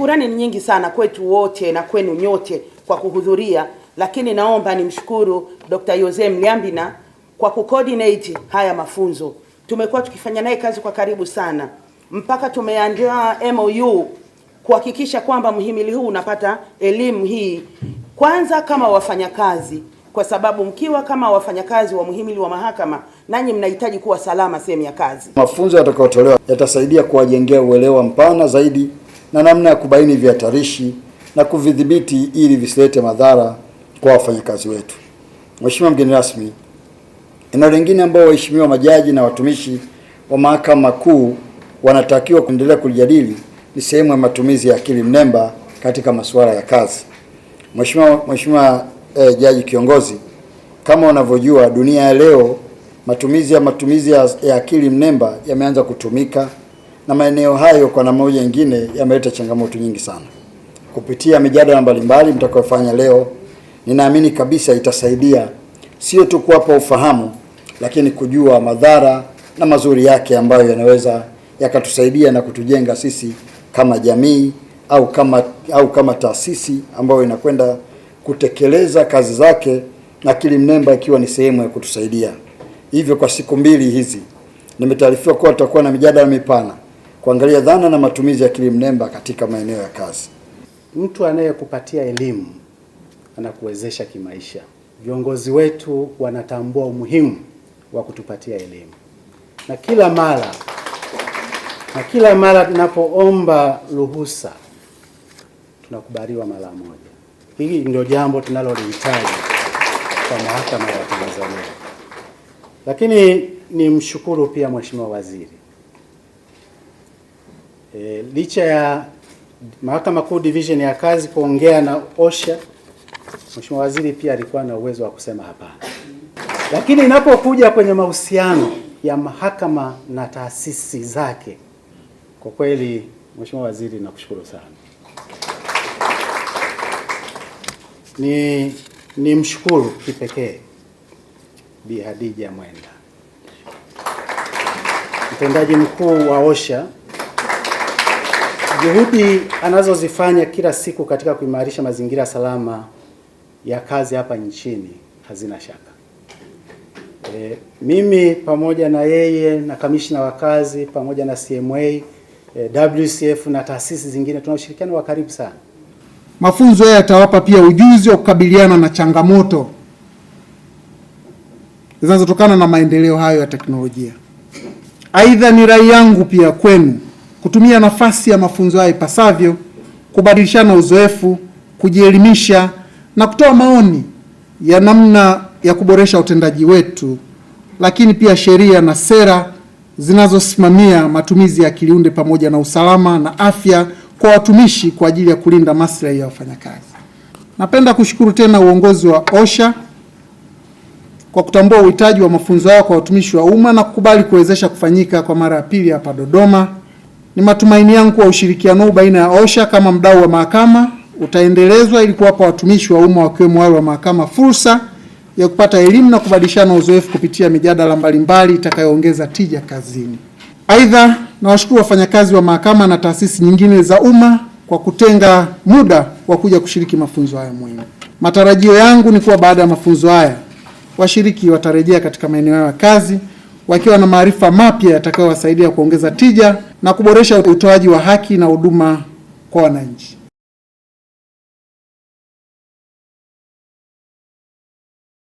Shukurani ni nyingi sana kwetu wote na kwenu nyote kwa kuhudhuria, lakini naomba nimshukuru Dr. Jose Mliambina kwa kucoordinate haya mafunzo. Tumekuwa tukifanya naye kazi kwa karibu sana mpaka tumeandaa MOU kuhakikisha kwamba mhimili huu unapata elimu hii kwanza kama wafanyakazi, kwa sababu mkiwa kama wafanyakazi wa mhimili wa mahakama, nanyi mnahitaji kuwa salama sehemu ya kazi. Mafunzo yatakayotolewa yatasaidia kuwajengea uelewa mpana zaidi na namna ya kubaini vihatarishi na kuvidhibiti ili visilete madhara kwa wafanyakazi wetu. Mheshimiwa mgeni rasmi, eneo lingine ambao waheshimiwa majaji na watumishi wa mahakama kuu wanatakiwa kuendelea kulijadili ni sehemu ya matumizi ya akili mnemba katika masuala ya kazi. Mheshimiwa Mheshimiwa eh, jaji kiongozi, kama unavyojua dunia ya leo matumizi ya matumizi ya, ya akili mnemba yameanza kutumika na maeneo hayo kwa namna moja nyingine yameleta changamoto nyingi sana. Kupitia mijadala mbalimbali mtakayofanya leo, ninaamini kabisa itasaidia sio tu kuwapa ufahamu, lakini kujua madhara na mazuri yake ambayo yanaweza yakatusaidia na kutujenga sisi kama jamii au kama au kama taasisi ambayo inakwenda kutekeleza kazi zake, na akili mnemba ikiwa ni sehemu ya kutusaidia hivyo. Kwa siku mbili hizi nimetaarifiwa kuwa tutakuwa na mijadala mipana kuangalia dhana na matumizi ya akili mnemba katika maeneo ya kazi. Mtu anayekupatia elimu anakuwezesha kimaisha. Viongozi wetu wanatambua umuhimu wa kutupatia elimu, na kila mara na kila mara tunapoomba ruhusa tunakubaliwa mara moja. Hili ndio jambo tunalolihitaji kwa mahakama ya Tanzania. Lakini ni mshukuru pia Mheshimiwa Waziri E, licha ya Mahakama Kuu Division ya Kazi kuongea na OSHA, Mheshimiwa Waziri pia alikuwa na uwezo wa kusema hapana. Lakini inapokuja kwenye mahusiano ya mahakama na taasisi zake, kwa kweli Mheshimiwa Waziri, nakushukuru sana. Ni ni mshukuru kipekee Bi Hadija Mwenda, mtendaji mkuu wa OSHA Juhudi anazozifanya kila siku katika kuimarisha mazingira salama ya kazi hapa nchini hazina shaka. E, mimi pamoja na yeye na kamishna wa kazi pamoja na CMA e, WCF na taasisi zingine tuna ushirikiano wa karibu sana. Mafunzo haya yatawapa pia ujuzi wa kukabiliana na changamoto zinazotokana na maendeleo hayo ya teknolojia. Aidha, ni rai yangu pia kwenu kutumia nafasi ya mafunzo hayo ipasavyo, kubadilishana uzoefu, kujielimisha na kutoa maoni ya namna ya kuboresha utendaji wetu, lakini pia sheria na sera zinazosimamia matumizi ya kiliunde pamoja na usalama na afya kwa watumishi kwa ajili ya kulinda maslahi ya wafanyakazi. Napenda kushukuru tena uongozi wa OSHA kwa kutambua uhitaji wa mafunzo yao kwa watumishi wa umma na kukubali kuwezesha kufanyika kwa mara ya pili hapa Dodoma. Ni matumaini yangu kuwa ushirikiano huu baina ya OSHA kama mdau wa mahakama utaendelezwa ili kuwapa watumishi wa umma wakiwemo wale wa mahakama fursa ya kupata elimu na kubadilishana uzoefu kupitia mijadala mbalimbali itakayoongeza tija kazini. Aidha, nawashukuru wafanyakazi wa mahakama na taasisi nyingine za umma kwa kutenga muda wa kuja kushiriki mafunzo haya muhimu. Matarajio yangu ni kuwa baada ya mafunzo haya washiriki watarejea katika maeneo yao ya kazi wakiwa na maarifa mapya yatakayowasaidia kuongeza tija na kuboresha utoaji wa haki na huduma kwa wananchi.